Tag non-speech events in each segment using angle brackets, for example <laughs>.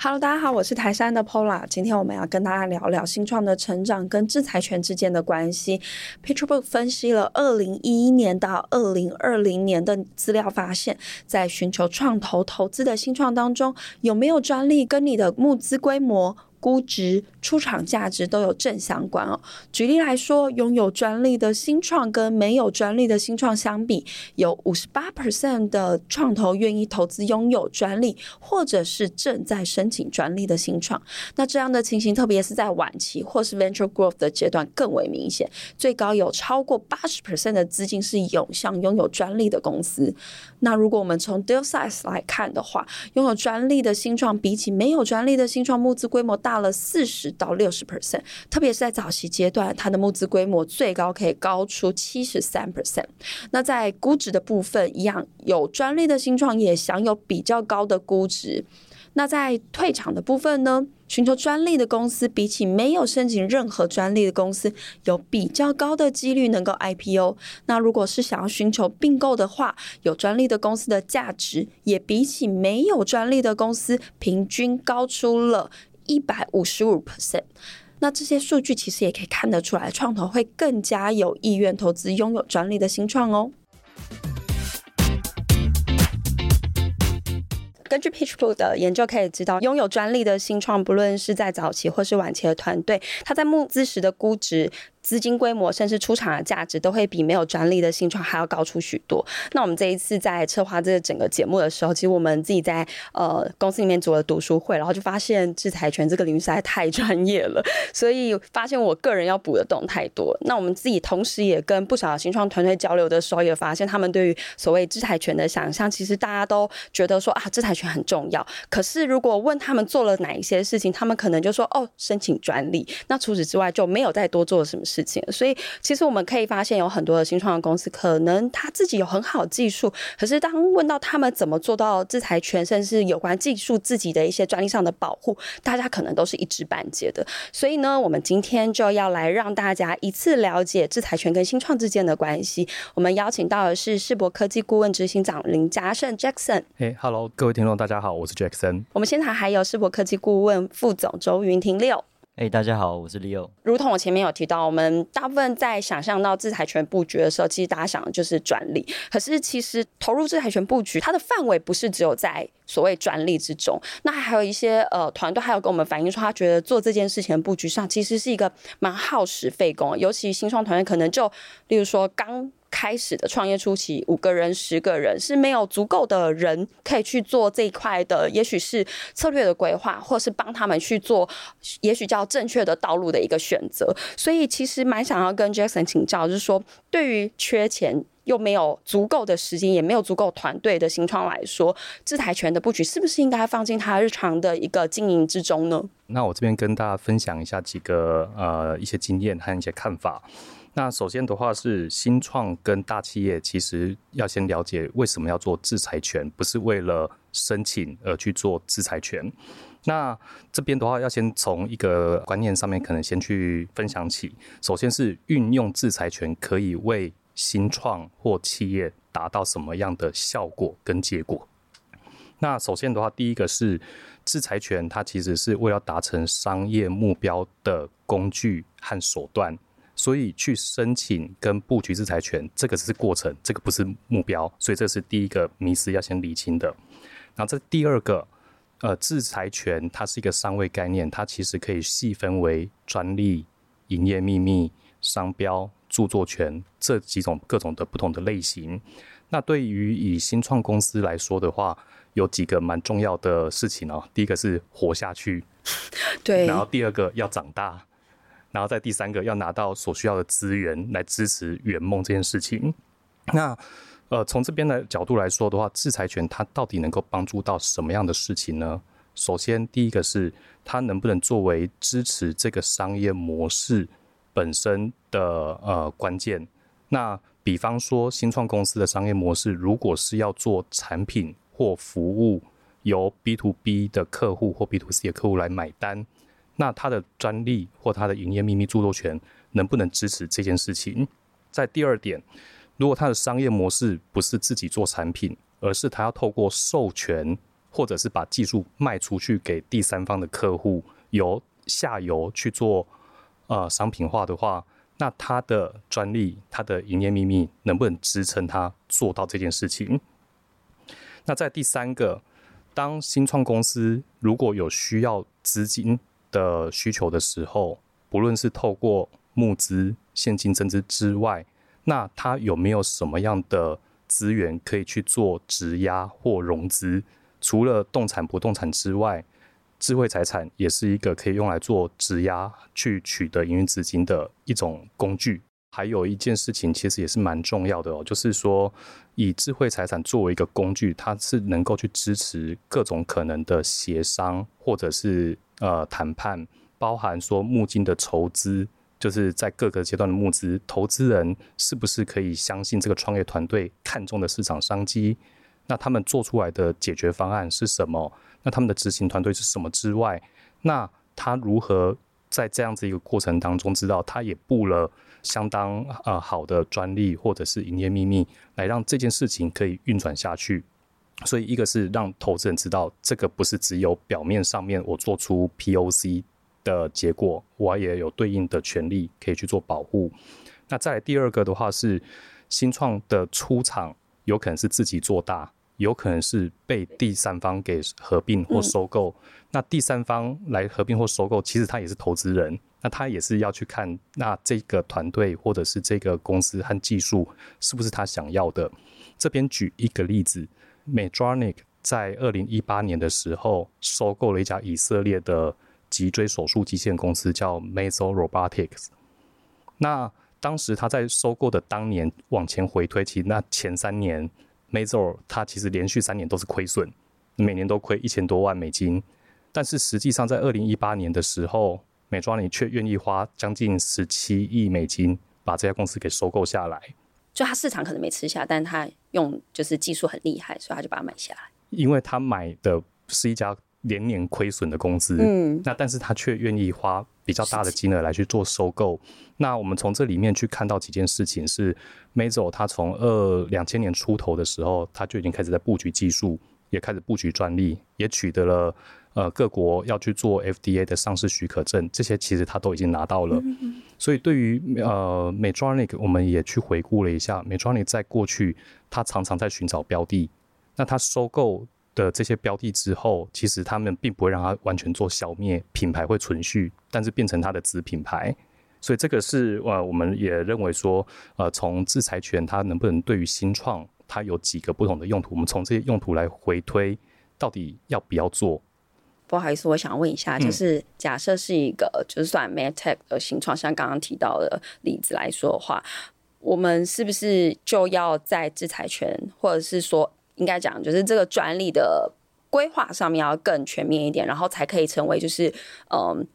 Hello，大家好，我是台杉的 Pola。今天我們要跟大家聊聊新創的成長跟智財權之間的關係。PitchBook 分析了二零一一年到二零二零年的資料，發現在尋求創投投資的新創當中，有沒有專利跟你的募資規模、估值、出場價值都有正相關哦。舉例來說，擁有專利的新創跟沒有專利的新創相比，有五十八 percent 的創投願意投資擁有專利或者是正在申請專利的新創。那這樣的情形，特別是在晚期或是 venture growth 的階段更為明顯，最高有超過八十 percent 的資金是湧向擁有專利的公司。那如果我們從 deal size 來看的話，擁有專利的新創比起沒有專利的新創募資規模大了四十到六十 percent，特別是在早期階段，它的募資規模最高可以高出七十三 percent。那在估值的部分一樣，有專利的新創也享有比較高的估值。那在退場的部分呢？尋求專利的公司比起沒有申請任何專利的公司，有比較高的幾率能夠 IPO。那如果是想要尋求併購的話，有專利的公司的價值也比起沒有專利的公司平均高出了。一百五十五 percent，那這些數據其實也可以看得出來，創投會更加有意願投資擁有專利的新創哦。根據 Pitchbook 的研究可以知道，擁有專利的新創，不論是在早期或是晚期的團隊，他在募資時的估值、資金規模甚至出場的價值都會比沒有專利的新創還要高出許多。那我們這一次在策劃這個整個節目的時候，其實我們自己在呃公司裡面組了讀書會，然後就發現智財權這個領域實在太專業了，所以發現我個人要補的洞太多。那我們自己同時也跟不少的新創團隊交流的時候，也發現他們對於所謂智財權的想象，其實大家都覺得說啊，智財權很重要。可是如果問他們做了哪一些事情，他們可能就說哦，申請專利。那除此之外就沒有再多做什麼事。事情，所以其實我們可以發現，有很多的新創的公司，可能他自己有很好的技術，可是當問到他們怎麼做到智財權，甚至是有關技術自己的一些專利上的保護，大家可能都是一知半解的。所以呢，我們今天就要來讓大家一次了解智財權跟新創之間的關係。我們邀請到的是世博科技顧問執行長林家聖 Jackson。Hey, hello, 各位聽眾大家好，我是 Jackson。我們現場還有世博科技顧問副總周云婷。六。哎、欸，大家好，我是 Leo。如同我前面有提到，我們大部分在想象到智財權布局的時候，其實大家想的就是專利。可是其實投入智財權布局，它的範圍不是只有在所謂專利之中。那還有一些呃團隊還有跟我們反映說，他覺得做這件事情的布局上其實是一個蠻耗時費工，尤其新創團隊可能就例如說剛。開始的創業初期，五個人、十個人是沒有足夠的人可以去做這一塊的，也許是策略的規劃，或是幫他們去做，也許叫正確的道路的一個選擇。所以其實蠻想要跟 Jackson 請教，就是說，對於缺錢又沒有足夠的時間，也沒有足夠團隊的新創來說，智財權的布局是不是應該放進他日常的一個經營之中呢？那我這邊跟大家分享一下幾個呃一些經驗和一些看法。那首先的話是新創跟大企業，其實要先了解為什麼要做智財權，不是為了申請而去做智財權。那這邊的話要先從一個觀念上面，可能先去分享起。首先是運用智財權可以為新創或企業達到什麼樣的效果跟結果。那首先的話，第一個是智財權，它其實是為了達成商業目標的工具和手段。所以去申請跟布局智財權，這個只是過程，這個不是目標。所以這是第一個迷思要先釐清的。然後這第二個，呃，智財權它是一個上位概念，它其實可以細分為專利、營業秘密、商標、著作權這幾種各種的不同的類型。那對於以新創公司來說的話，有幾個蠻重要的事情啊、喔。第一個是活下去，對，然後第二個要長大。然後在第三個要拿到所需要的資源來支持圓夢這件事情。那呃，從這邊的角度來說的話，智財權它到底能夠幫助到什麼樣的事情呢？首先，第一個是它能不能作為支持這個商業模式本身的呃關鍵。那比方說新創公司的商業模式，如果是要做產品或服務，由 B to B 的客戶或 B to C 的客戶來買單。那它的專利或它的營業秘密著作權能不能支持這件事情？在第二點，如果它的商業模式不是自己做產品，而是它要透過授權或者是把技術賣出去給第三方的客戶，由下游去做呃商品化的話，那它的專利、它的營業秘密能不能支撐它做到這件事情？那在第三個，當新創公司如果有需要資金，的需求的時候，不論是透過募資、現金增資之外，那它有沒有什麼樣的資源可以去做質押或融資？除了動產、不動產之外，智慧財產也是一個可以用來做質押去取得營運資金的一種工具。還有一件事情其實也是蠻重要的哦，就是說以智慧財產作為一個工具，它是能夠去支持各種可能的協商，或者是呃，談判包含說募金的籌資，就是在各個階段的募資，投資人是不是可以相信這個創業團隊看中的市場商機？那他們做出來的解決方案是什麼？那他們的執行團隊是什麼之外？那他如何在這樣子一個過程當中，知道他也布了相當呃好的專利或者是營業秘密，來讓這件事情可以運轉下去？所以，一個是讓投資人知道，這個不是只有表面上面我做出 POC 的結果，我也有對應的權利可以去做保護。那再來第二個的話是，是新創的出場有可能是自己做大，有可能是被第三方給合併或收購。嗯、那第三方來合併或收購，其實他也是投資人，那他也是要去看，那這個團隊或者是這個公司和技術是不是他想要的。這邊舉一個例子。Medtronic 在二零一八年的時候收購了一家以色列的脊椎手術機械公司，叫 Mazor Robotics。那當時他在收購的當年往前回推，其實那前三年 Mazor、嗯、它其實連續三年都是虧損，每年都虧一千多萬美金。但是實際上在二零一八年的時候 Medtronic 卻願意花將近十七億美金把這家公司給收購下來。所以它市場可能沒吃下，但是他用就是技術很厲害，所以他就把它買下來。因為他買的是一家連年虧損的公司，嗯，那但是他卻願意花比較大的金額來去做收購。是那我們從這裡面去看到幾件事情是，Mazo、嗯、他從二兩千年出頭的時候，他就已經開始在布局技術，也開始布局專利，也取得了。呃，各國要去做 FDA 的上市許可證，這些其實他都已經拿到了。嗯嗯嗯，所以對於呃，Medtronic 我們也去回顧了一下，Medtronic 在過去它常常在尋找標的，那它收購的這些標的之後，其實他們並不會讓它完全做消滅，品牌會存續，但是變成它的子品牌。所以這個是呃，我們也認為說，呃，從智財權它能不能對於新創它有幾個不同的用途，我們從這些用途來回推，到底要不要做。不好意思，我想問一下，嗯、就是假設是一個，就是算 Matech 的新創，像剛剛提到的例子來說的話，我們是不是就要在智財權，或者是說應該講，就是這個專利的規劃上面要更全面一點，然後才可以成為，就是嗯，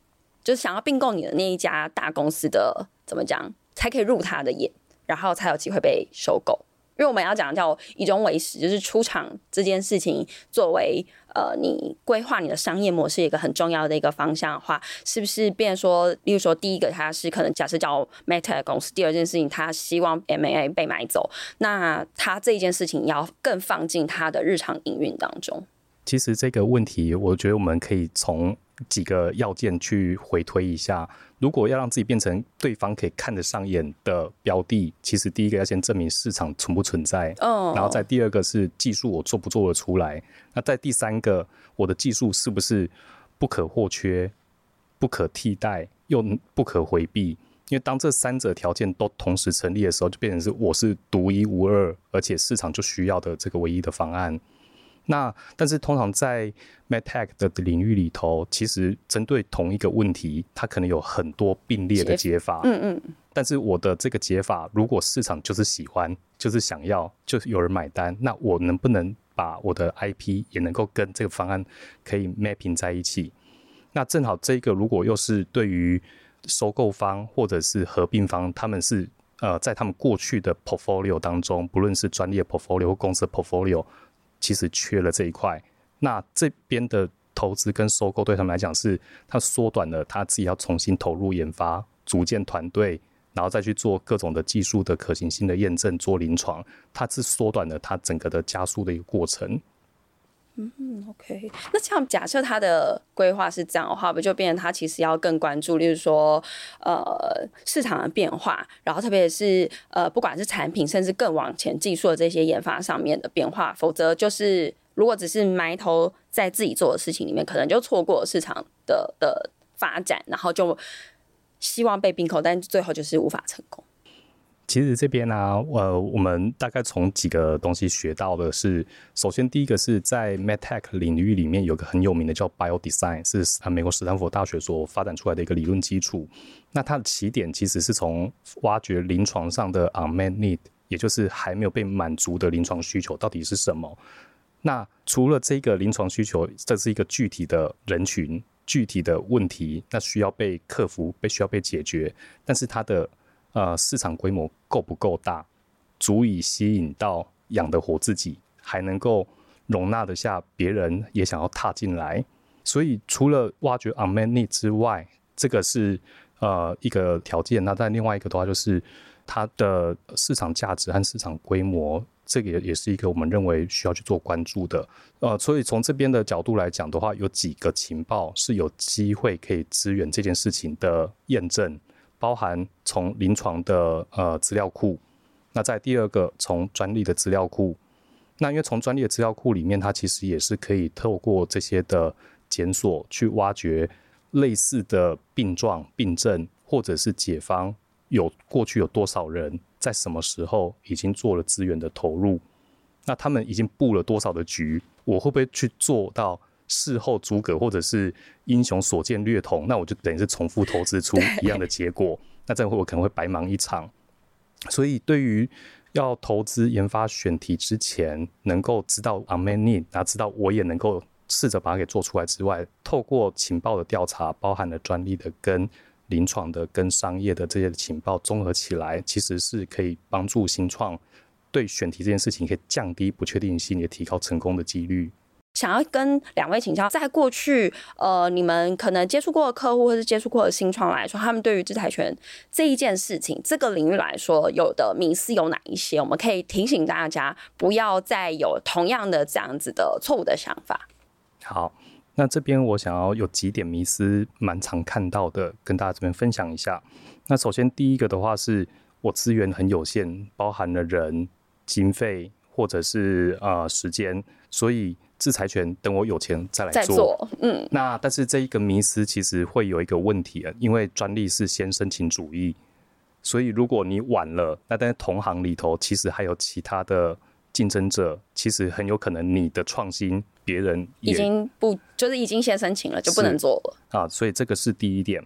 就是想要併購你的那一家大公司的怎麼講，才可以入他的眼，然後才有機會被收購。因為我們要講叫以終為始，就是出場這件事情作為呃，你規劃你的商業模式一個很重要的一個方向的話，是不是變說，例如說第一個它是可能假設叫 Meta 公司，第二件事情他希望 M&A 被買走，那他這件事情要更放進他的日常營運當中。其實這個問題，我覺得我們可以從幾個要件去回推一下。如果要讓自己變成對方可以看得上眼的標的，其實第一個要先證明市場存不存在，嗯，然後再第二個是技術我做不做得出來，那在第三個，我的技術是不是不可或缺、不可替代又不可回避？因為當這三者條件都同時成立的時候，就變成是我是獨一無二，而且市場就需要的這個唯一的方案。那但是通常在 MatTech 的領域裡頭，其實針對同一個問題，它可能有很多並列的解法。Chief, 嗯嗯。但是我的這個解法，如果市場就是喜歡，就是想要，就是有人買單，那我能不能把我的 IP 也能夠跟這個方案可以 Mapping 在一起？那正好這個如果又是對於收購方或者是合併方，他們是呃在他們過去的 Portfolio 當中，不論是專業 Portfolio 或公司的 Portfolio。其實缺了這一塊，那這邊的投資跟收購對他們來講是，它縮短了他自己要重新投入研發、組建團隊，然後再去做各種的技術的可行性的驗證、做臨床，它是縮短了它整個的加速的一個過程。嗯，OK，那這樣假設他的規劃是這樣的話，不就變成他其實要更關注，例如說，呃，市場的變化，然後特別是呃，不管是產品，甚至更往前技術的這些研發上面的變化，否則就是如果只是埋頭在自己做的事情裡面，可能就錯過了市場的的發展，然後就希望被併購，但最後就是無法成功。其實這邊呢、啊，呃，我們大概從幾個東西學到的是，首先第一個是在 MedTech 領域裡面有個很有名的叫 Bio Design，是美國斯坦福大學所發展出來的一個理論基礎。那它的起點其實是從挖掘臨床上的 Unmet Need，也就是還沒有被滿足的臨床需求到底是什麼。那除了這個臨床需求，這是一個具體的人群、具體的問題，那需要被克服、被需要被解決，但是它的呃，市場規模夠不夠大，足以吸引到養得活自己，還能夠容納得下別人也想要踏進來。所以，除了挖掘 unmet need 之外，這個是呃一個條件。那在另外一個的話，就是它的市場價值和市場規模，這個也也是一個我們認為需要去做關注的。呃，所以從這邊的角度來講的話，有幾個情報是有機會可以支援這件事情的驗證。包含從臨床的呃資料庫，那在第二個從專利的資料庫，那因為從專利的資料庫裡面，它其實也是可以透過這些的檢索去挖掘類似的病狀、病症或者是解方，有過去有多少人在什麼時候已經做了資源的投入，那他們已經布了多少的局，我會不會去做到？事後諸葛或者是英雄所見略同，那我就等於是重複投資出一樣的結果， <laughs> 對 那這樣我可能會白忙一場。所以，對於要投資研發選題之前，能夠知道 unmet need，那知道我也能夠試着把它給做出來之外，透過情報的調查，包含了專利的、跟臨床的、跟商業的這些情報綜合起來，其實是可以幫助新創對選題這件事情，可以降低不確定性，也提高成功的幾率。想要跟兩位請教，在過去，呃，你們可能接觸過的客戶，或是接觸過的新創來說，他們對於智財權這一件事情、這個領域來說，有的迷思有哪一些？我們可以提醒大家，不要再有同樣的這樣子的錯誤的想法。好，那這邊我想要有幾點迷思，蠻常看到的，跟大家這邊分享一下。那首先第一個的話，是我資源很有限，包含了人、經費。或者是啊、呃，時間，所以智財權，等我有錢再來做。再做，嗯，那但是這一個迷思其實會有一個問題，因為專利是先申請主義，所以如果你晚了，那在同行裡頭其實還有其他的競爭者，其實很有可能你的創新別人已經不，就是已經先申請了是就不能做了啊，所以這個是第一點。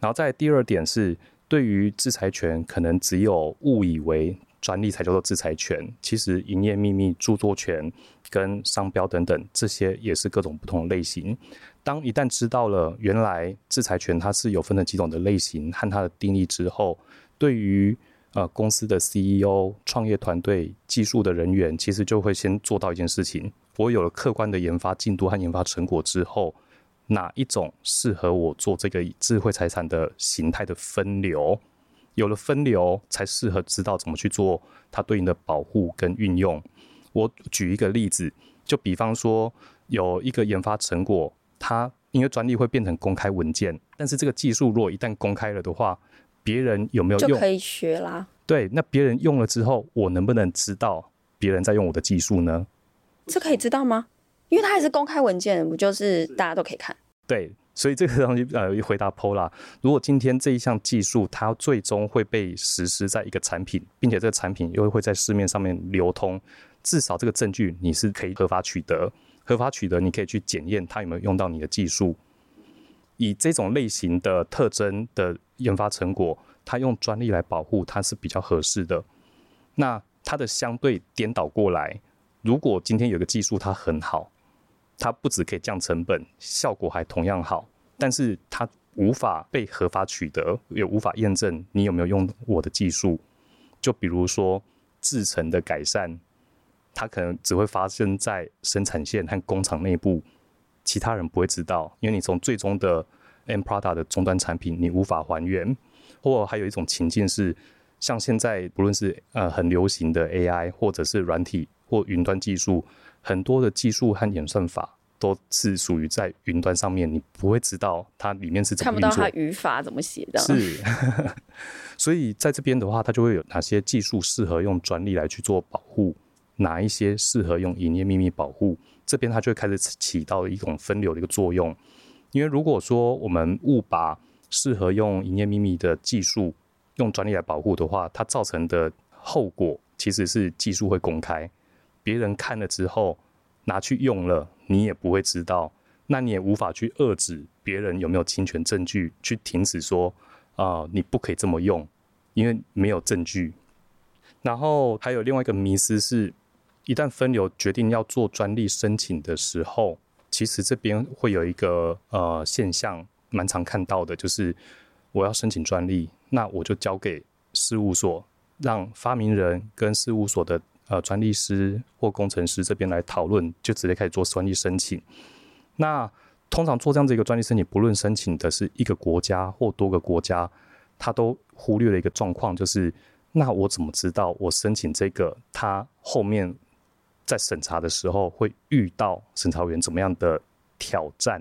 然後在第二點是，對於智財權，可能只有誤以為。專利才叫做智財權，其實營業秘密、著作權跟商標等等，這些也是各種不同的類型。當一旦知道了原來智財權它是有分成幾種的類型和它的定義之後，對於、呃、公司的 CEO、創業團隊、技術的人員，其實就會先做到一件事情：我有了客觀的研發進度和研發成果之後，哪一種適合我做這個智慧財產的形態的分流？有了分流，才適合知道怎麼去做它對應的保護跟運用。我舉一個例子，就比方說有一個研發成果，它因為專利會變成公開文件，但是這個技術如果一旦公開了的話，別人有沒有用就可以學啦？對，那別人用了之後，我能不能知道別人在用我的技術呢？這可以知道嗎？因為它也是公開文件，不就是大家都可以看？對。所以這個東西，呃，一回答 Pola，如果今天這一項技術它最終會被實施在一個產品，並且這個產品又會在市面上面流通，至少這個證據你是可以合法取得，合法取得你可以去檢驗它有沒有用到你的技術。以這種類型的特徵的研發成果，它用專利來保護它是比較合適的。那它的相對顛倒過來，如果今天有個技術它很好。它不只可以降成本，效果還同樣好，但是它無法被合法取得，也無法驗證你有沒有用我的技術。就比如說，製程的改善，它可能只會發生在生產線和工廠內部，其他人不會知道，因為你從最終的 end product 的終端產品，你無法還原。或還有一種情境是，像現在不論是呃很流行的 AI，或者是軟體或雲端技術。很多的技術和演算法，都是屬於在雲端上面，你不會知道它裡面是怎麼，看不到它語法怎麼寫的。是， <laughs> 所以在這邊的話，它就會有哪些技術適合用專利來去做保護，哪一些適合用營業秘密保護，這邊它就會開始起到一種分流的一個作用。因為如果說我們誤把適合用營業秘密的技術用專利來保護的話，它造成的後果其實是技術會公開。別人看了之後拿去用了，你也不會知道，那你也無法去遏制別人有沒有侵權證據去停止說啊、呃，你不可以這麼用，因為沒有證據。然後還有另外一個迷思是，一旦分流決定要做專利申請的時候，其實這邊會有一個呃現象蠻常看到的，就是我要申請專利，那我就交給事務所，讓發明人跟事務所的。呃，專利師或工程師這邊來討論，就直接開始做專利申請。那通常做這樣子一個專利申請，不論申請的是一個國家或多個國家，他都忽略了一個狀況，就是那我怎麼知道我申請這個，他後面在審查的時候會遇到審查員怎麼樣的挑戰？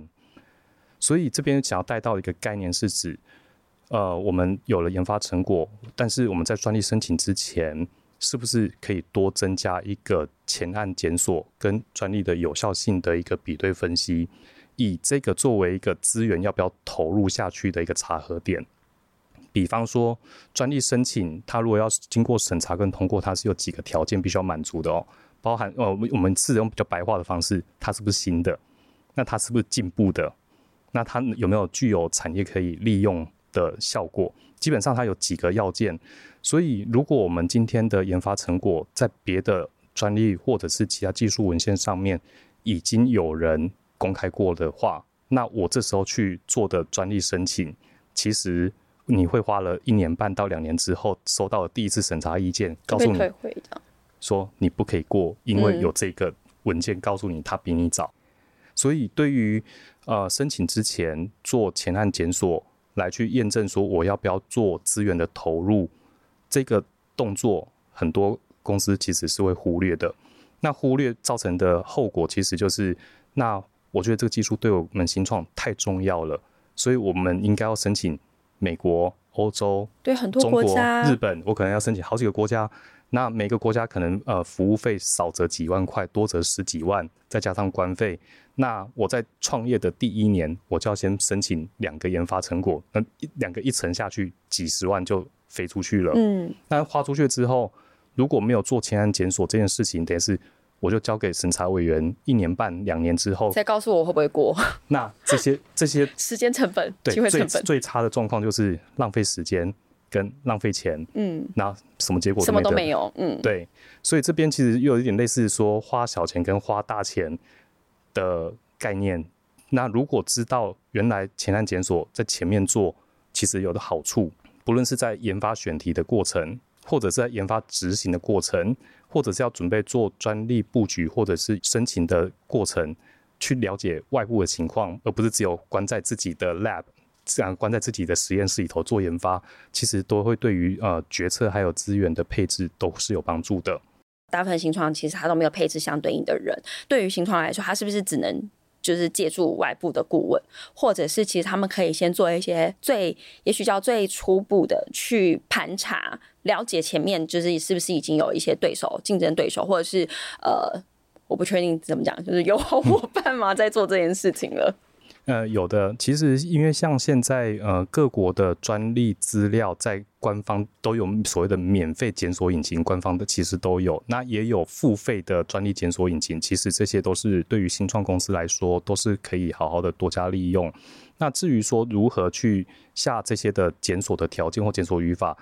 所以這邊想要帶到一個概念，是指呃，我們有了研發成果，但是我們在專利申請之前。是不是可以多增加一個前案檢索跟專利的有效性的一個比對分析？以這個作為一個資源要不要投入下去的一個查核點？比方說專利申請，它如果要經過審查跟通過，它是有幾個條件必須要滿足的哦，包含哦、呃，我們我們是用比較白話的方式，它是不是新的？那它是不是進步的？那它有沒有具有產業可以利用的效果？基本上它有幾個要件。所以，如果我們今天的研發成果在別的專利或者是其他技術文獻上面已經有人公開過的話，那我這時候去做的專利申請，其實你會花了一年半到兩年之後收到第一次審查意見，告訴你說你不可以過，因為有這個文件告訴你、嗯、它比你早。所以，對於呃申請之前做前案檢索來去驗證，說我要不要做資源的投入。這個動作很多公司其實是會忽略的，那忽略造成的後果其實就是，那我覺得這個技術對我們新創太重要了，所以我們應該要申請美國、歐洲、對很多國家中國、日本，我可能要申請好幾個國家。那每個國家可能呃服務費少則幾萬塊，多則十幾萬，再加上官費。那我在創業的第一年，我就要先申請兩個研發成果，那一兩個一沉下去，幾十萬就。飛出去了，嗯，那花出去之後，如果沒有做前案檢索這件事情，等於是我就交給審查委員一年半，兩年之後再告訴我會不會過。 <laughs> 那這些這些時間成本、機會成本，最差的狀況就是浪費時間跟浪費錢，嗯，那什麼結果沒什麼都沒有，嗯，對。所以這邊其實又有一點類似說花小錢跟花大錢的概念。那如果知道原來前案檢索在前面做，其實有的好處。不論是在研發選題的過程，或者是在研發執行的過程，或者是要準備做專利布局或者是申請的過程，去了解外部的情況，而不是只有關在自己的 lab，自然關在自己的實驗室裡頭做研發，其實都會對於呃決策還有資源的配置都是有幫助的。大部分新創其實它都沒有配置相對應的人，對於新創來說，它是不是只能？就是借助外部的顧問，或者是其實他們可以先做一些最，也許叫最初步的去盤查了解前面，就是是不是已經有一些對手、競爭對手，或者是呃，我不確定怎麼講，就是有好夥伴嘛、嗯、在做這件事情了。呃，有的，其實因為像現在，呃，各國的專利資料在官方都有所謂的免費檢索引擎，官方的其實都有，那也有付費的專利檢索引擎，其實這些都是對於新創公司來說，都是可以好好的多加利用。那至於說如何去下這些的檢索的條件或檢索語法，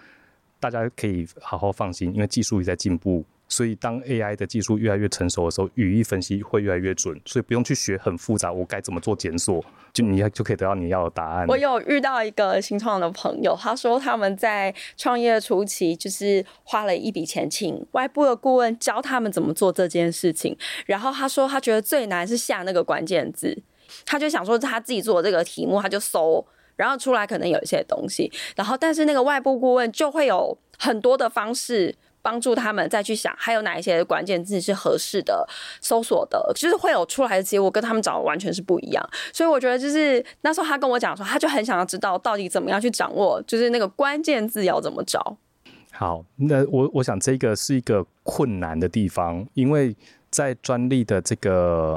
大家可以好好放心，因為技術也在進步。所以，當 AI 的技術越來越成熟的時候，語義分析會越來越準，所以不用去學很複雜，我該怎麼做檢索，就你就可以得到你要的答案。我有遇到一個新創的朋友，他說他們在創業初期就是花了一筆錢請外部的顧問教他們怎麼做這件事情，然後他說他覺得最難是下那個關鍵字，他就想說他自己做這個題目，他就搜，然後出來可能有一些東西，然後但是那個外部顧問就會有很多的方式。幫助他們再去想還有哪一些關鍵字是合適的搜索的，其實會有出來的結果跟他們找的完全是不一樣。所以我覺得就是那時候他跟我講說，他就很想要知道到底怎麼樣去掌握，就是那個關鍵字要怎麼找。好，那我我想這個是一個困難的地方，因為在專利的這個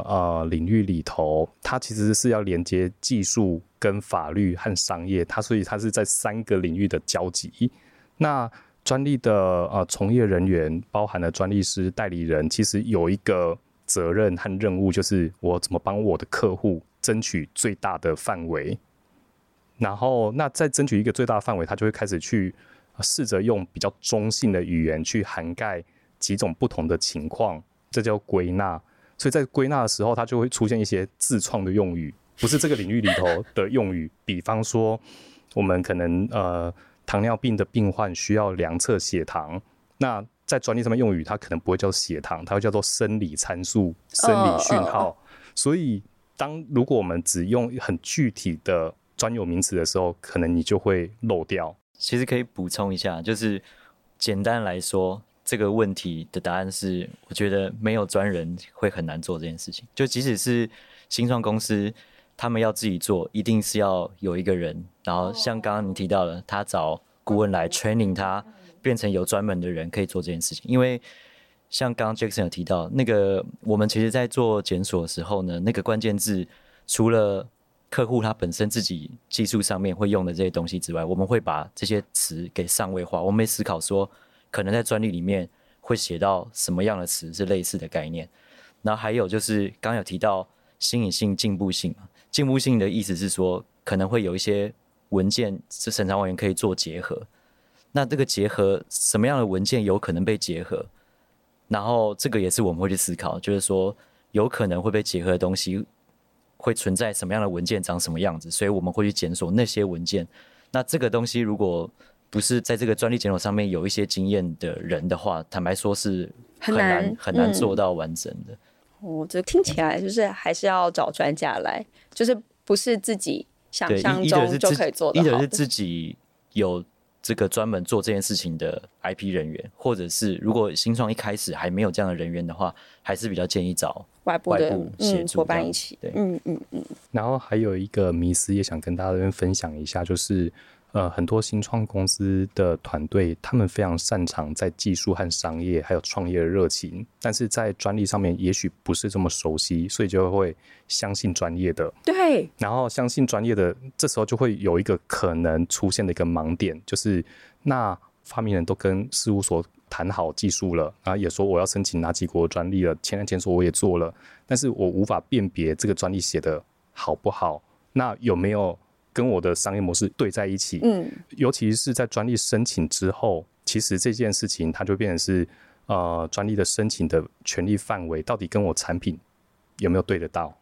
呃領域裡頭，它其實是要連接技術跟法律和商業，它所以它是在三個領域的交集。那。專利的呃從業人員包含了專利師、代理人，其實有一個責任和任務，就是我怎麼幫我的客戶爭取最大的範圍。然後，那再爭取一個最大範圍，他就會開始去試着、呃、用比較中性的語言去涵蓋幾種不同的情況，這叫歸納。所以在歸納的時候，他就會出現一些自創的用語，不是這個領域裡頭的用語。 <laughs> 比方說，我們可能呃。糖尿病的病患需要量測血糖，那在專利上面用語，它可能不會叫血糖，它會叫做生理參數、生理訊號。Oh, oh. 所以，當如果我們只用很具體的專有名詞的時候，可能你就會漏掉。其實可以補充一下，就是簡單來說，這個問題的答案是，我覺得沒有專人會很難做這件事情。就即使是新創公司，他們要自己做，一定是要有一個人。然後像剛剛你提到了，他找顧問來 training 他，嗯、變成有專門的人可以做這件事情。因為像剛剛 Jackson 有提到，那個我們其實，在做檢索的時候呢，那個關鍵字除了客戶他本身自己技術上面會用的這些東西之外，我們會把這些詞給上位化。我們沒思考說，可能在專利裡面會寫到什麼樣的詞是類似的概念。然後還有就是剛剛有提到新穎性、進步性，進步性的意思是說，可能會有一些。文件是審查委員可以做結合，那這個結合什麼樣的文件有可能被結合？然後這個也是我們會去思考，就是說有可能會被結合的東西會存在什麼樣的文件，長什麼樣子？所以我們會去檢索那些文件。那這個東西如果不是在這個專利檢索上面有一些經驗的人的話，坦白說是很難很難，很難做到完整的。嗯，我就聽起來就是還是要找專家來，就是不是自己。對，一一是自一者是自己有這個專門做這件事情的 IP 人員，嗯、或者是如果新創一開始還沒有這樣的人員的話，還是比較建議找外部，外部的嗯夥、嗯、伴一起，對，嗯嗯嗯。嗯嗯然後還有一個迷思也想跟大家這邊分享一下，就是。呃，很多新創公司的團隊，他們非常擅長在技術和商業，還有創業的熱情，但是在專利上面也許不是這麼熟悉，所以就會相信專業的。對。然後相信專業的，這時候就會有一個可能出現的一個盲點，就是那發明人都跟事務所談好技術了，然後、啊、也說我要申請哪幾國專利了，前兩天說我也做了，但是我無法辨別這個專利寫得好不好，那有沒有？跟我的商業模式對在一起，嗯，尤其是在專利申請之後，其實這件事情它就變成是，呃，專利的申請的權利範圍到底跟我產品有沒有對得到？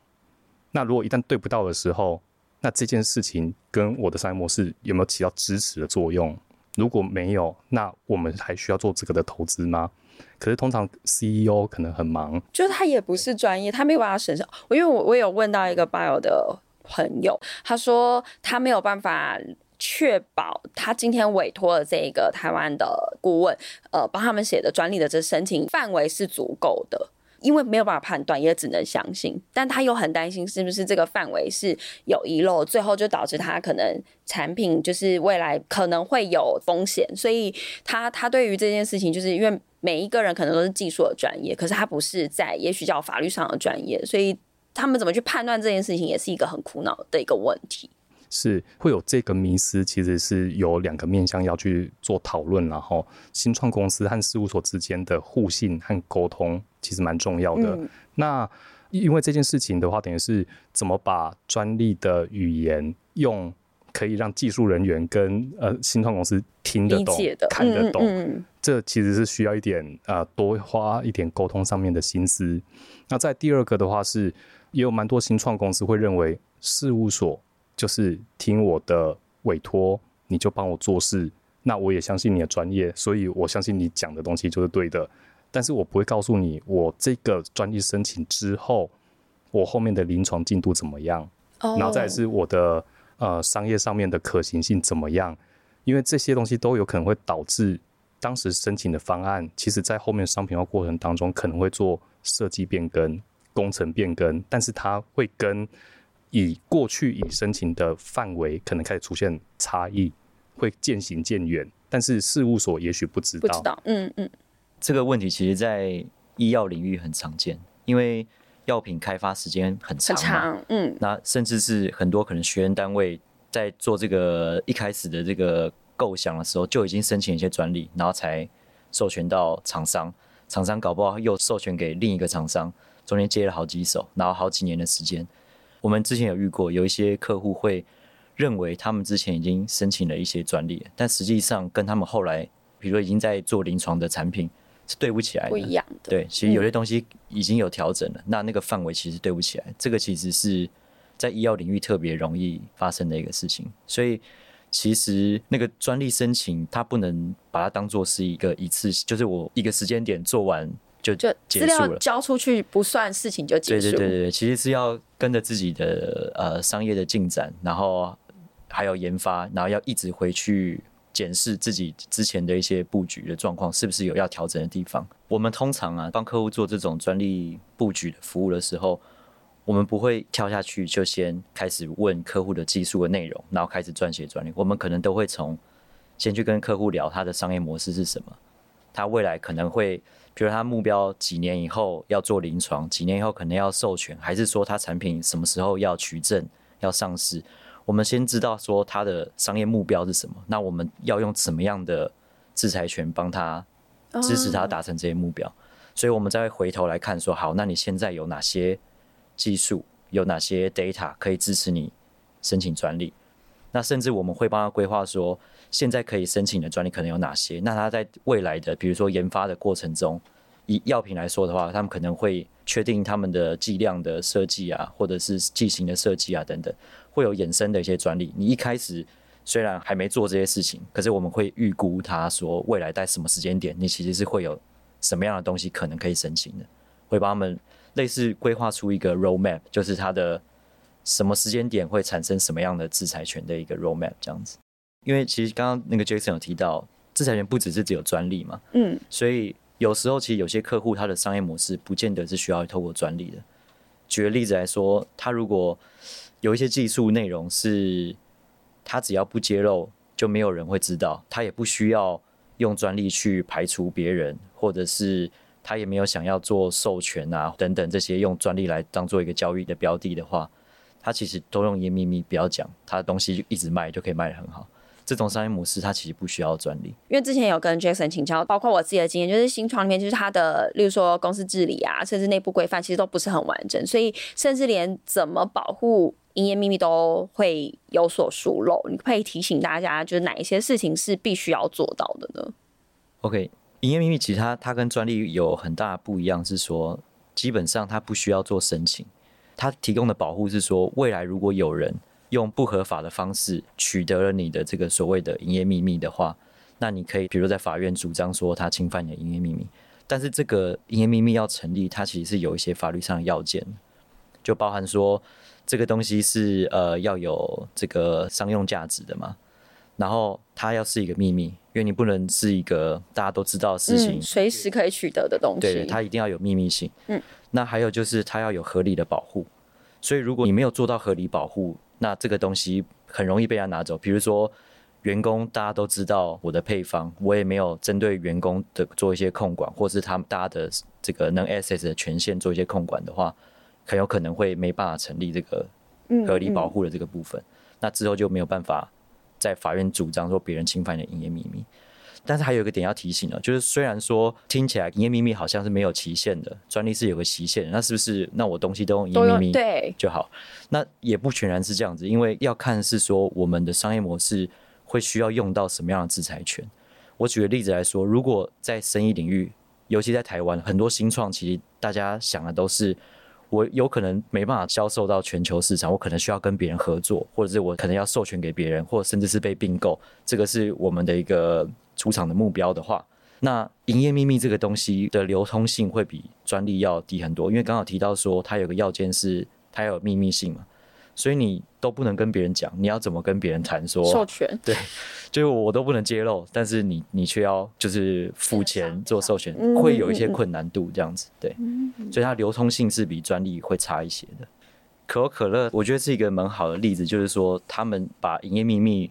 那如果一旦對不到的時候，那這件事情跟我的商業模式有沒有起到支持的作用？如果沒有，那我們還需要做這個的投資嗎？可是通常 CEO 可能很忙，就是他也不是專業，對他沒有辦法審視。我因為我我有問到一個 bio 的。朋友，他說他沒有辦法確保他今天委託了這個台灣的顧問，呃，幫他們寫的專利的這申請範圍是足夠的，因為沒有辦法判斷，也只能相信。但他又很擔心是不是這個範圍是有遺漏，最後就導致他可能產品就是未來可能會有風險。所以他他對於這件事情，就是因為每一個人可能都是技術的專業，可是他不是在，也許叫法律上的專業，所以。他們怎麼去判斷這件事情，也是一個很苦惱的一個問題。是會有這個迷思，其實是有兩個面向要去做討論，然後新創公司和事務所之間的互信和溝通，其實蠻重要的。嗯、那因為這件事情的話，等於是怎麼把專利的語言用可以讓技術人員跟呃新創公司聽得懂，看得懂，嗯嗯這其實是需要一點呃多花一點溝通上面的心思。那在第二個的話是。也有蠻多新創公司會認為，事務所就是聽我的委託，你就幫我做事，那我也相信你的專業，所以我相信你講的東西就是對的。但是我不會告訴你，我這個專利申請之後，我後面的臨床進度怎麼樣，oh. 然後再是我的呃商業上面的可行性怎麼樣，因為這些東西都有可能會導致當時申請的方案，其實在後面商品化過程當中可能會做設計變更。工程變更，但是它會跟以過去已申請的範圍可能開始出現差異，會漸行漸遠。但是事務所也許不知道，不知道。嗯嗯，這個問題其實在醫藥領域很常見，因為藥品開發時間很長，很長，嗯，那甚至是很多可能學院單位在做這個一開始的這個構想的時候，就已經申請一些專利，然後才授權到廠商，廠商搞不好又授權給另一個廠商。中間接了好幾首，然後好幾年的時間，我們之前有遇過，有一些客戶會認為他們之前已經申請了一些專利，但實際上跟他們後來，比如說已經在做臨床的產品是對不起來的，不一樣的，對，其實有些東西已經有調整了，嗯、那那個範圍其實對不起來，這個其實是在醫藥領域特別容易發生的一個事情。所以其實那個專利申請，它不能把它當做是一個一次性，就是我一個時間點做完。就就資料交出去不算事情就結束。對對對對，其實是要跟着自己的呃商業的進展，然後還有研發，然後要一直回去檢視自己之前的一些布局的狀況，是不是有要調整的地方。我們通常啊，幫客戶做這種專利布局的服務的時候，我們不會跳下去就先開始問客戶的技術的內容，然後開始撰寫專利。我們可能都會從先去跟客戶聊他的商業模式是什麼，他未來可能會。比如他目標幾年以後要做臨床，幾年以後可能要授權，還是說他產品什麼時候要取證、要上市？我們先知道說他的商業目標是什麼，那我們要用什麼樣的智財權幫他支持他達成這些目標？Oh. 所以我們再回頭來看說，好，那你現在有哪些技術、有哪些 data 可以支持你申請專利？那甚至我們會幫他規劃說。現在可以申請的專利可能有哪些？那它在未來的，比如說研發的過程中，以藥品來說的話，他們可能會確定他們的劑量的設計啊，或者是劑型的設計啊等等，會有衍生的一些專利。你一開始雖然還沒做這些事情，可是我們會預估它說未來在什麼時間點，你其實是會有什麼樣的東西可能可以申請的，會幫他們類似規劃出一個 roadmap，就是它的什麼時間點會產生什麼樣的智財權的一個 roadmap 這樣子。因為其實剛剛那個 Jason 有提到，智財權不只是只有專利嘛，嗯，所以有時候其實有些客戶他的商業模式不見得是需要透過專利的。舉個例子來說，他如果有一些技術內容是他只要不揭露，就沒有人會知道，他也不需要用專利去排除別人，或者是他也沒有想要做授權啊等等這些用專利來當做一個交易的標的的話，他其實都用一個秘密不要講，他的東西就一直賣就可以賣得很好。這種商業模式，它其實不需要專利，因為之前有跟 Jackson 請教，包括我自己的經驗，就是新創裡面，就是它的，例如說公司治理啊，甚至內部規範，其實都不是很完整，所以甚至連怎麼保護營業秘密都會有所疏漏。你可以提醒大家，就是哪一些事情是必須要做到的呢？OK，營業秘密其實它它跟專利有很大的不一樣，是說基本上它不需要做申請，它提供的保護是說未來如果有人。用不合法的方式取得了你的這個所謂的營業秘密的話，那你可以，比如在法院主張說他侵犯你的營業秘密。但是這個營業秘密要成立，它其實是有一些法律上的要件，就包含說這個東西是呃要有這個商用價值的嘛，然後它要是一個秘密，因為你不能是一個大家都知道的事情，嗯、隨時可以取得的東西。對，它一定要有秘密性。嗯。那還有就是它要有合理的保護，所以如果你沒有做到合理保護，那這個東西很容易被他拿走，比如說員工大家都知道我的配方，我也沒有針對員工的做一些控管，或是他們大家的這個能 access 的權限做一些控管的話，很有可能會沒辦法成立這個合理保護的這個部分，嗯嗯，那之後就沒有辦法在法院主張說別人侵犯你的營業秘密。但是還有一個點要提醒了，就是雖然說聽起來營業秘密好像是沒有期限的，專利是有個期限的，那是不是那我東西都用營業秘密對就好？那也不全然是這樣子，因為要看是說我們的商業模式會需要用到什麼樣的智財權。我舉個例子來說，如果在生意領域，尤其在台灣，很多新創其實大家想的都是，我有可能沒辦法銷售到全球市場，我可能需要跟別人合作，或者是我可能要授權給別人，或者甚至是被併購。這個是我們的一個。出廠的目標的話，那營業秘密這個東西的流通性會比專利要低很多，因為剛好提到說它有個要件是它要有秘密性嘛，所以你都不能跟別人講，你要怎麼跟別人談說、啊、授權？對，就我都不能揭露，但是你你卻要就是付錢做授權，授權嗯嗯嗯、會有一些困難度這樣子，對，嗯嗯、所以它流通性是比專利會差一些的。可口可樂我覺得是一個蠻好的例子，就是說他們把營業秘密。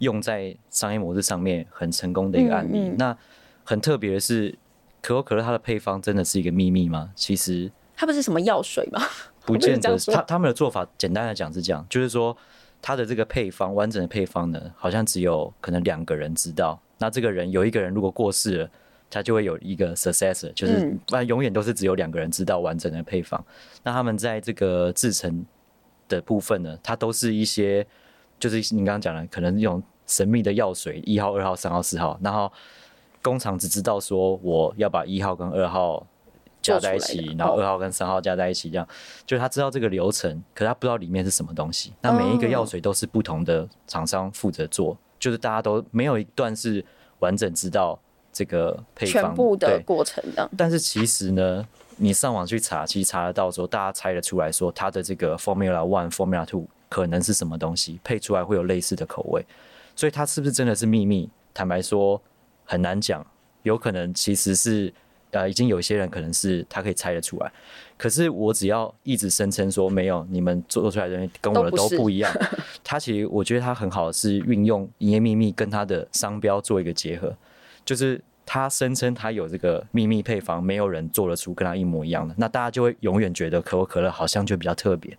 用在商業模式上面很成功的一個案例。嗯嗯、那很特別的是，可口可樂它的配方真的是一個秘密嗎？其實不，它不是什麼藥水嗎？不見得。他他們的做法簡單的講是這樣，這樣就是說他的這個配方，完整的配方呢，好像只有可能兩個人知道。那這個人有一個人如果過世了，他就會有一個 successor，就是那、嗯、永遠都是只有兩個人知道完整的配方。那他們在這個製程的部分呢，它都是一些就是你剛剛講的，可能用。神秘的藥水一號、二號、三號、四號，然後工廠只知道說我要把一號跟二號加在一起，然後二號跟三號加在一起，這樣、哦、就他知道這個流程，可他不知道裡面是什麼東西。那每一個藥水都是不同的廠商負責做，嗯、就是大家都沒有一段是完整知道這個配方的過程。但是其實呢，你上網去查，其實查得到時候，大家猜得出來說它的這個 Form 1, formula one、formula two 可能是什麼東西，配出來會有類似的口味。所以他是不是真的是秘密？坦白說很難講，有可能其實是呃，已經有一些人可能是他可以猜得出來。可是我只要一直聲稱說沒有，你們做出來的東西跟我的都不一樣。他不 <laughs> 其實我覺得他很好，是運用營業秘密跟他的商標做一個結合，就是他聲稱他有這個秘密配方，沒有人做得出跟他一模一樣的，那大家就會永遠覺得可口可樂好像就比較特別。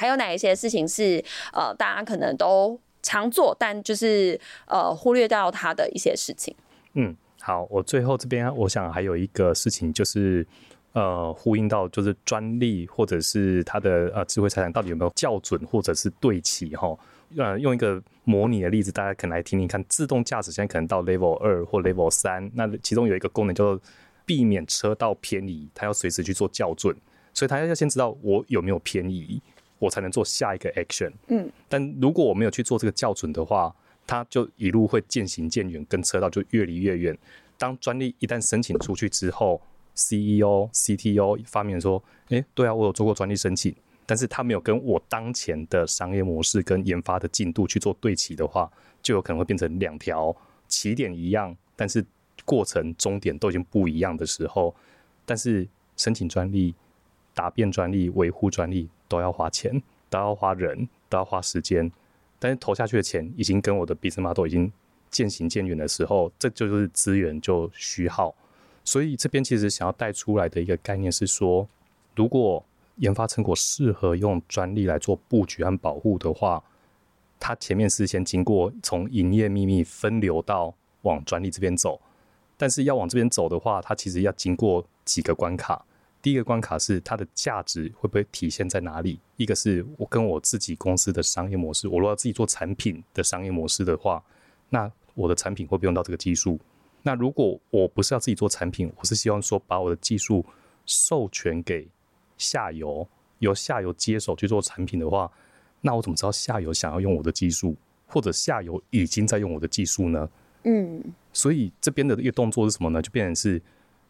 還有哪一些事情是呃，大家可能都？常做，但就是呃忽略掉它的一些事情。嗯，好，我最後這邊我想還有一個事情，就是呃呼應到就是專利或者是它的呃智慧財產到底有沒有校準或者是對齊齁？呃，用一個模擬的例子，大家可能來聽聽看。自動駕駛現在可能到 Level 二或 Level 三，那其中有一個功能叫做避免車道偏移，它要隨時去做校準，所以它要要先知道我有沒有偏移。我才能做下一個 action。嗯，但如果我沒有去做這個校準的話，它就一路會漸行漸遠，跟車道就越離越遠。當專利一旦申請出去之後，CEO、CTO 發明說：“誒，對啊，我有做過專利申請。”但是他沒有跟我當前的商業模式跟研發的進度去做對齊的話，就有可能會變成兩條起點一樣，但是過程終點都已經不一樣的時候。但是申請專利、答辯專利、維護專利。都要花錢，都要花人，都要花時間，但是投下去的錢已經跟我的 business model 已經漸行漸遠的時候，這就是資源就虛耗。所以這邊其實想要帶出來的一個概念是說，如果研發成果適合用專利來做佈局和保護的話，它前面是先經過從營業秘密分流到往專利這邊走，但是要往這邊走的話，它其實要經過幾個關卡。第一個關卡是它的價值會不會體現在哪裡？一個是我跟我自己公司的商業模式，我如果要自己做產品的商業模式的話，那我的產品會不會用到這個技術？那如果我不是要自己做產品，我是希望說把我的技術授權給下游，由下游接手去做產品的話，那我怎麼知道下游想要用我的技術，或者下游已經在用我的技術呢？嗯，所以這邊的一個動作是什麼呢？就變成是，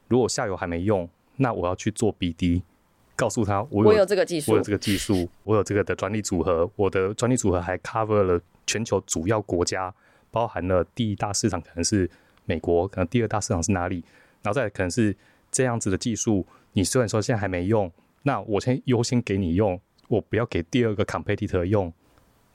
如果下游還沒用。那我要去做 BD，告訴他我有，我有這個技術，我有這個技術，我有這個的專利組合，我的專利組合還 cover 了全球主要國家，包含了第一大市場可能是美國，可能第二大市場是哪裡，然後再可能是這樣子的技術，你雖然說現在還沒用，那我先優先給你用，我不要給第二個 competitor 用。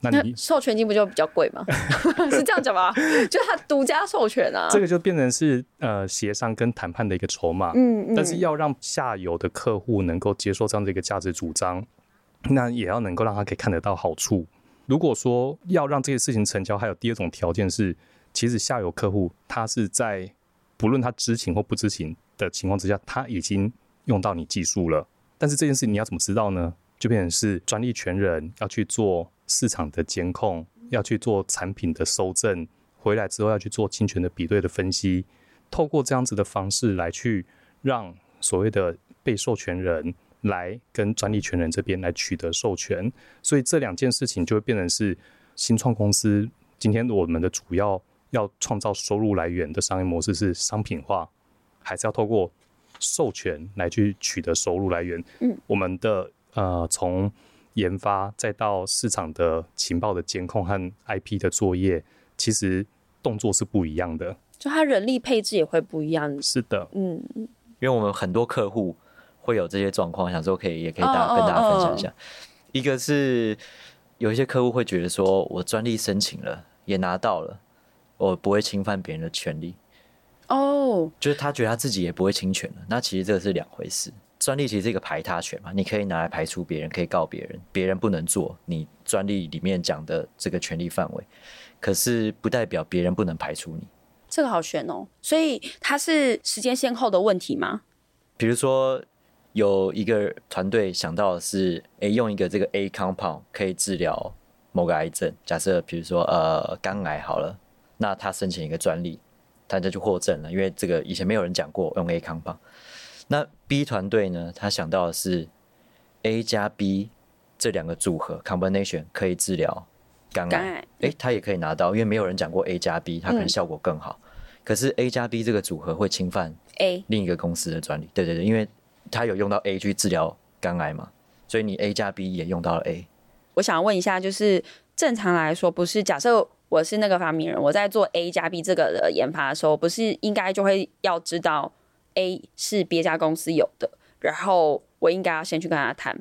那，那授權金不就比較貴嗎？ <laughs> 是這樣講吧 <laughs> 就他獨家授權啊，這個就變成是呃協商跟談判的一個籌碼。嗯嗯。但是要讓下游的客戶能夠接受這樣的一個價值主張，那也要能夠讓他可以看得到好處。如果說要讓這些事情成交，還有第二種條件是，其實下游客戶他是在不論他知情或不知情的情況之下，他已經用到你技術了。但是這件事你要怎麼知道呢？就變成是專利權人要去做。市場的監控，要去做產品的蒐證，回來之後要去做侵權的比對的分析，透過這樣子的方式來去讓所謂的被授權人來跟專利權人這邊來取得授權，所以這兩件事情就會變成是新創公司，今天我們的主要要創造收入來源的商業模式是商品化，還是要透過授權來去取得收入來源？嗯，我們的呃從。研發再到市場的情報的監控和 IP 的作業，其實動作是不一樣的，就他人力配置也會不一樣。是的，嗯，因為我們很多客戶會有這些狀況，想說可以也可以大家 oh, oh, oh. 跟大家分享一下。一個是有一些客戶會覺得說我專利申請了，也拿到了，我不會侵犯別人的權利。哦，oh. 就是他覺得他自己也不會侵權了，那其實這個是兩回事。專利其實是一個排他權嘛，你可以拿來排除別人，可以告別人，別人不能做你專利裡面講的這個權利範圍。可是不代表別人不能排除你。這個好懸哦，所以它是時間先後的問題嗎？比如說有一個團隊想到的是，誒，用一個這個 A compound 可以治療某個癌症，假設比如說呃肝癌好了，那他申請一個專利，他就去獲證了，因為這個以前沒有人講過用 A compound。那 B 團隊呢？他想到的是 A 加 B 這兩個組合 （combination） 可以治療肝癌。哎癌，他、欸、也可以拿到，嗯、因為沒有人講過 A 加 B，它可能效果更好。嗯、可是 A 加 B 這個組合會侵犯 A 另一個公司的專利。A 對對對，因為他有用到 A 去治療肝癌嘛，所以你 A 加 B 也用到了 A。我想問一下，就是正常來說，不是假設我是那個發明人，我在做 A 加 B 這個的研發的時候，不是應該就會要知道？A 是別家公司有的，然後我應該要先去跟他談。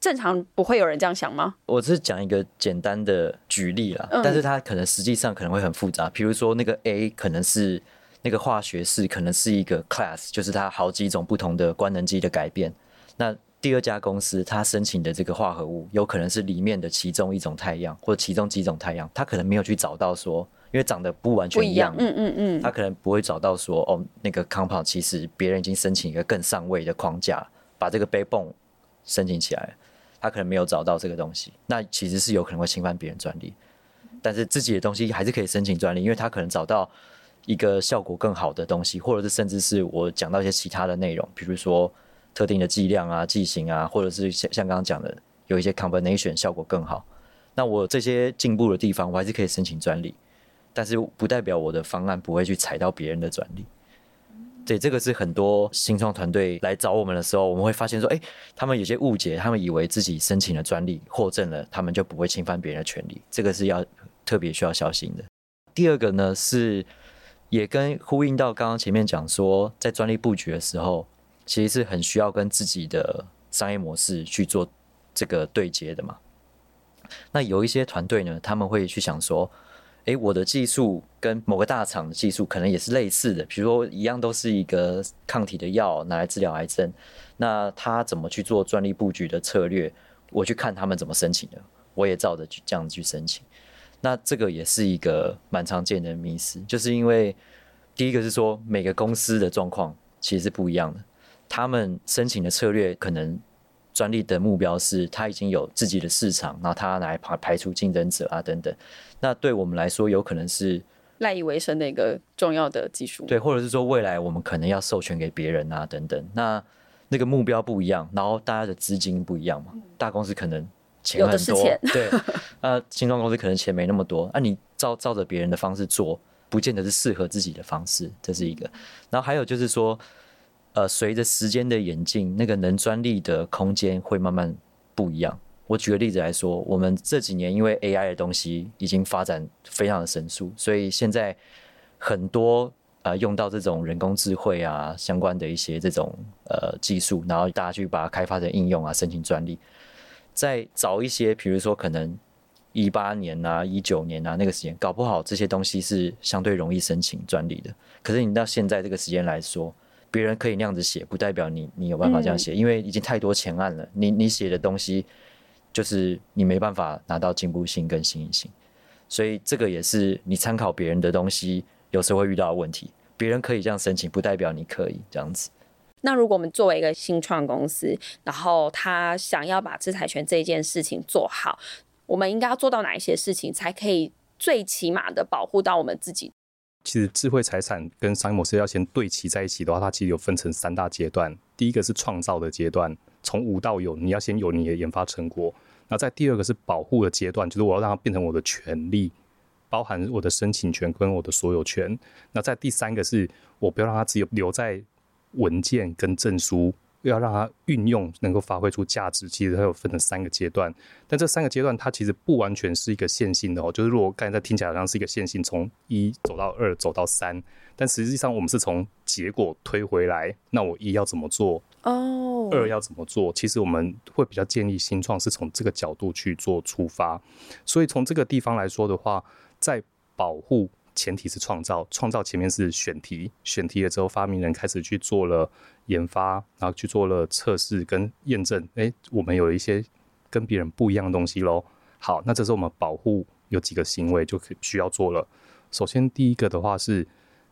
正常不會有人這樣想嗎？我只是講一個簡單的舉例啦，嗯，但是它可能實際上可能會很複雜。比如說那個 A 可能是那個化學式，可能是一個 class，就是它好幾種不同的官能基的改變。那第二家公司它申請的這個化合物，有可能是裡面的其中一種態樣，或者其中幾種態樣，它可能沒有去找到說。因為長得不完全一樣，不一樣，嗯嗯嗯，他可能不會找到說，哦，那個 compound 其實別人已經申請一個更上位的框架，把這個 backbone 申請起來，他可能沒有找到這個東西，那其實是有可能會侵犯別人專利，但是自己的東西還是可以申請專利，因為他可能找到一個效果更好的東西，或者是甚至是我講到一些其他的內容，比如說特定的劑量啊、劑型啊，或者是像像剛剛講的有一些 combination 效果更好，那我這些進步的地方，我還是可以申請專利。但是不代表我的方案不會去踩到別人的專利。對，這個是很多新創團隊來找我們的時候，我們會發現說，哎，他們有些誤解，他們以為自己申請了專利，獲證了，他們就不會侵犯別人的權利。這個是要特別需要小心的。第二個呢，是也跟呼應到剛剛前面講說，在專利布局的時候，其實是很需要跟自己的商業模式去做這個對接的嘛。那有一些團隊呢，他們會去想說，哎，我的技術跟某個大廠的技術可能也是類似的，比如說一樣都是一個抗體的藥拿來治療癌症，那他怎麼去做專利布局的策略？我去看他們怎麼申請的，我也照着去這樣子去申請。那這個也是一個蠻常見的迷思，就是因為第一個是說每個公司的狀況其實是不一樣的，他們申請的策略可能專利的目標是他已經有自己的市場，然後他來排排除競爭者啊等等。那對我們來說，有可能是賴以為生的一個重要的技術。對，或者是說，未來我們可能要授權給別人啊，等等。那那個目標不一樣，然後大家的資金不一樣嘛。大公司可能錢很多，對。呃，新創公司可能錢沒那麼多啊。那你照照着別人的方式做，不見得是適合自己的方式，這是一個。然後還有就是說，呃，隨着時間的演進，那個能專利的空間會慢慢不一樣。我舉個例子來說，我們這幾年因為 AI 的東西已經發展非常的神速，所以現在很多呃用到這種人工智慧啊，相關的一些這種呃技術，然後大家去把它開發成應用啊，申請專利。再早一些，比如說可能一八年啊、一九年啊那個時間，搞不好這些東西是相對容易申請專利的。可是你到現在這個時間來說，別人可以那樣子寫，不代表你你有辦法這樣寫，嗯、因為已經太多前案了。你你寫的東西，就是你沒辦法拿到進步性跟新穎性，所以這個也是你參考別人的東西，有時候會遇到的問題。別人可以這樣申請，不代表你可以這樣子。那如果我們作為一個新創公司，然後他想要把智財權這件事情做好，我們應該要做到哪一些事情，才可以最起碼的保護到我們自己？其實智慧財產跟商業模式要先對齊在一起的話，它其實有分成三大階段。第一個是創造的階段。從無到有，你要先有你的研發成果。那在第二個是保護的階段，就是我要讓它變成我的權利，包含我的申請權跟我的所有權。那在第三個是，我不要讓它只有留在文件跟證書。要讓它運用能夠發揮出價值，其實它有分成三個階段，但這三個階段它其實不完全是一個線性的哦，就是如果剛才在聽起來好像是一個線性，從一走到二走到三，但實際上我們是從結果推回來，那我一要怎麼做？哦，二要怎麼做？其實我們會比較建議新創是從這個角度去做出發，所以從這個地方來說的話，在保護。前提是創造，創造前面是選題，選題了之後，發明人開始去做了研發，然後去做了測試跟驗證。誒、欸，我們有一些跟別人不一樣的東西咯。好，那這是我們保護有幾個行為就需要做了。首先第一個的話是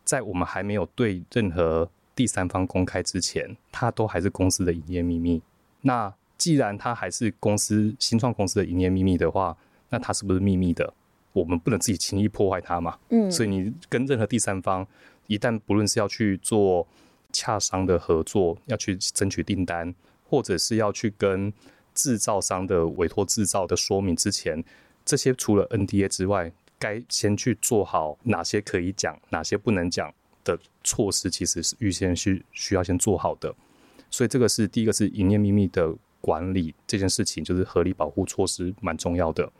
在我們還沒有對任何第三方公開之前，它都還是公司的營業秘密。那既然它還是公司新創公司的營業秘密的話，那它是不是秘密的？我們不能自己輕易破壞它嘛，所以你跟任何第三方，一旦不論是要去做洽商的合作，要去爭取訂單，或者是要去跟製造商的委托製造的說明之前，這些除了 NDA 之外，該先去做好哪些可以講，哪些不能講的措施，其實是預先需需要先做好的。所以這個是第一個是營業秘密的管理這件事情，就是合理保護措施蠻重要的。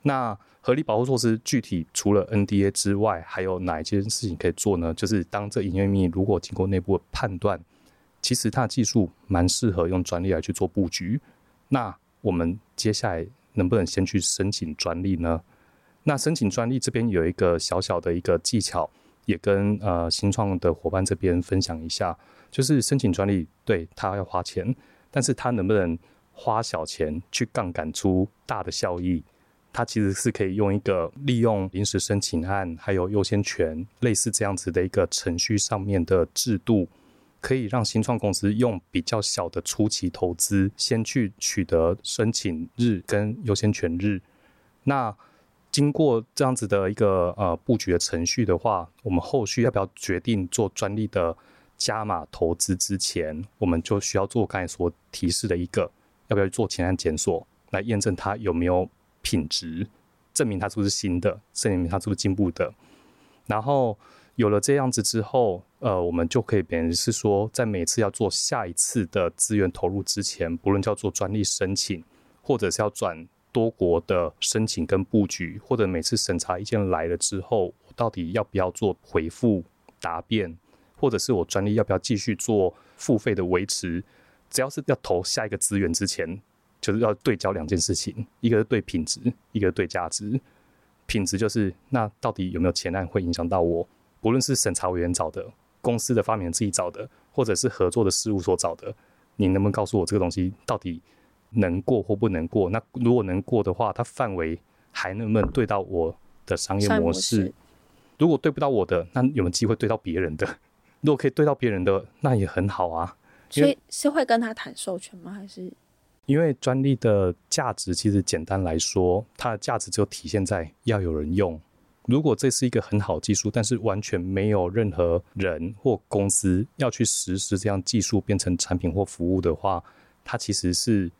那。合理保護措施具體除了 NDA 之外，還有哪一件事情可以做呢？就是當這營業秘密如果經過內部的判斷，其實它的技術蠻適合用專利來去做布局。那我們接下來能不能先去申請專利呢？那申請專利這邊有一個小小的一個技巧，也跟呃新創的夥伴這邊分享一下，就是申請專利，對，他要花錢，但是他能不能花小錢去槓桿出大的效益？它其實是可以用一個利用臨時申請案還有優先權類似這樣子的一個程序上面的制度，可以讓新創公司用比較小的初期投資先去取得申請日跟優先權日。那經過這樣子的一個呃布局的程序的話，我們後續要不要決定做專利的加碼投資之前，我們就需要做剛才所提示的一個要不要做前案檢索來驗證它有沒有。品質證明它是不是新的，證明它是不是進步的。然後有了這樣子之後，呃，我們就可以，別人是說，在每次要做下一次的資源投入之前，不論叫做專利申請，或者是要轉多國的申請跟布局，或者每次審查意見來了之後，我到底要不要做回復答辯，或者是我專利要不要繼續做付費的維持，只要是要投下一個資源之前。就是要對焦兩件事情，一個是對品質，一個是對價值。品質就是那到底有沒有前案會影響到我？不論是審查委員找的、公司的發明人自己找的，或者是合作的事務所找的，你能不能告訴我這個東西到底能過或不能過？那如果能過的話，它範圍還能不能對到我的商業模式？模式如果對不到我的，那有沒有機會對到別人的？如果可以對到別人的，那也很好啊。所以是會跟他談授權嗎？還是？因為專利的價值其實簡單來說，它的價值就體現在要有人用。如果這是一個很好的技術，但是完全沒有任何人或公司要去實施這樣技術變成產品或服務的話，它其實是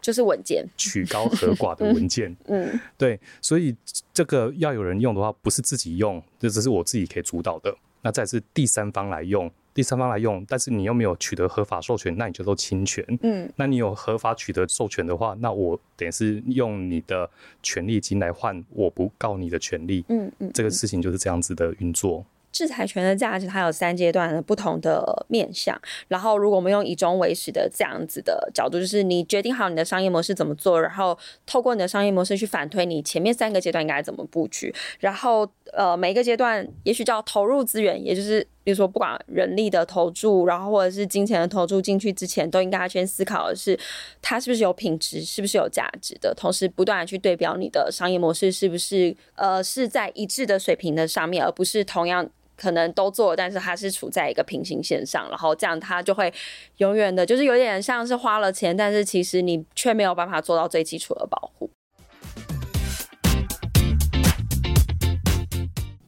就是文件曲高和寡的文件。文件 <laughs> 嗯，嗯，對，所以這個要有人用的話，不是自己用，這只是我自己可以主導的。那再是第三方來用。第三方來用，但是你又沒有取得合法授權，那你就都侵權。嗯，那你有合法取得授權的話，那我等於是用你的權利金來換我不告你的權利。嗯嗯，嗯嗯這個事情就是這樣子的運作。智財權的價值，它有三階段的不同的面向。然後，如果我們用以終為始的這樣子的角度，就是你決定好你的商業模式怎麼做，然後透過你的商業模式去反推你前面三個階段應該怎麼布局。然後，呃，每一個階段也許叫投入資源，也就是。比如說，不管人力的投注，然後或者是金錢的投注進去之前，都應該先思考的是，它是不是有品質，是不是有價值的，同時，不斷的去對標你的商業模式是不是，呃，是在一致的水平的上面，而不是同樣可能都做，但是它是處在一個平行線上，然後這樣它就會永遠的，就是有點像是花了錢，但是其實你卻沒有辦法做到最基礎的保護。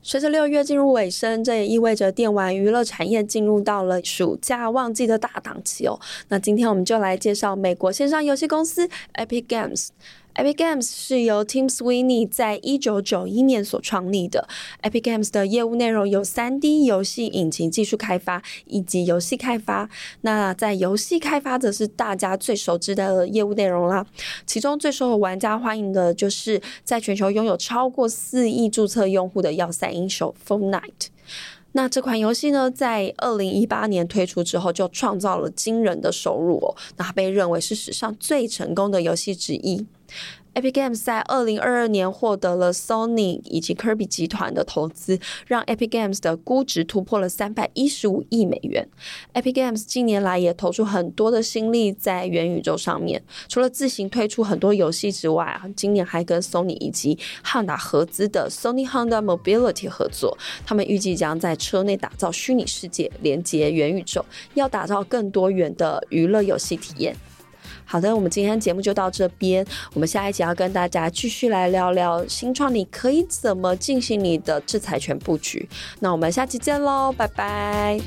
隨着六月進入尾聲，這也意味着電玩娛樂產業進入到了暑假旺季的大檔期哦。那今天我們就來介紹美國線上遊戲公司 Epic Games。Epic Games 是由 Tim Sweeney 在一九九一年所創立的。Epic Games 的業務內容有三 D 遊戲引擎技術開發以及遊戲開發。那在遊戲開發，則是大家最熟知的業務內容啦。其中最受玩家歡迎的就是在全球擁有超過四億注冊用戶的要塞英雄 Fortnite。那這款遊戲呢，在二零一八年推出之後，就創造了驚人的收入哦。那它被認為是史上最成功的遊戲之一。Epic Games 在二零二二年獲得了 Sony 以及 Kirby 集團的投資，讓 Epic Games 的估值突破了三百一十五億美元。Epic Games 近年來也投出很多的心力在元宇宙上面，除了自行推出很多遊戲之外啊，今年還跟 Sony 以及 Honda 合資的 Sony Honda Mobility 合作，他們預計將在車內打造虛擬世界，連接元宇宙，要打造更多元的娛樂遊戲體驗。好的，我們今天節目就到這邊。我們下一集要跟大家繼續來聊聊新創，你可以怎麼進行你的智財權布局？那我們下期見嘍，拜拜。